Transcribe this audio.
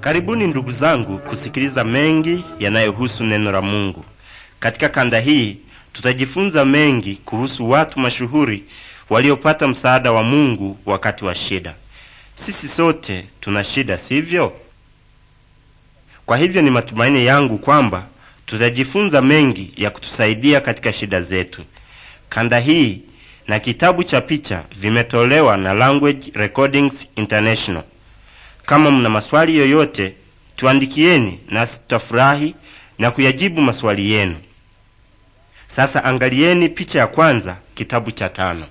Karibuni ndugu zangu kusikiliza mengi yanayohusu neno la Mungu. Katika kanda hii tutajifunza mengi kuhusu watu mashuhuri waliopata msaada wa Mungu wakati wa shida. Sisi sote tuna shida, sivyo? Kwa hivyo ni matumaini yangu kwamba tutajifunza mengi ya kutusaidia katika shida zetu. Kanda hii na kitabu cha picha vimetolewa na Language Recordings International. Kama mna maswali yoyote, tuandikieni nasi tutafurahi na kuyajibu maswali yenu. Sasa angalieni picha ya kwanza, kitabu cha tano.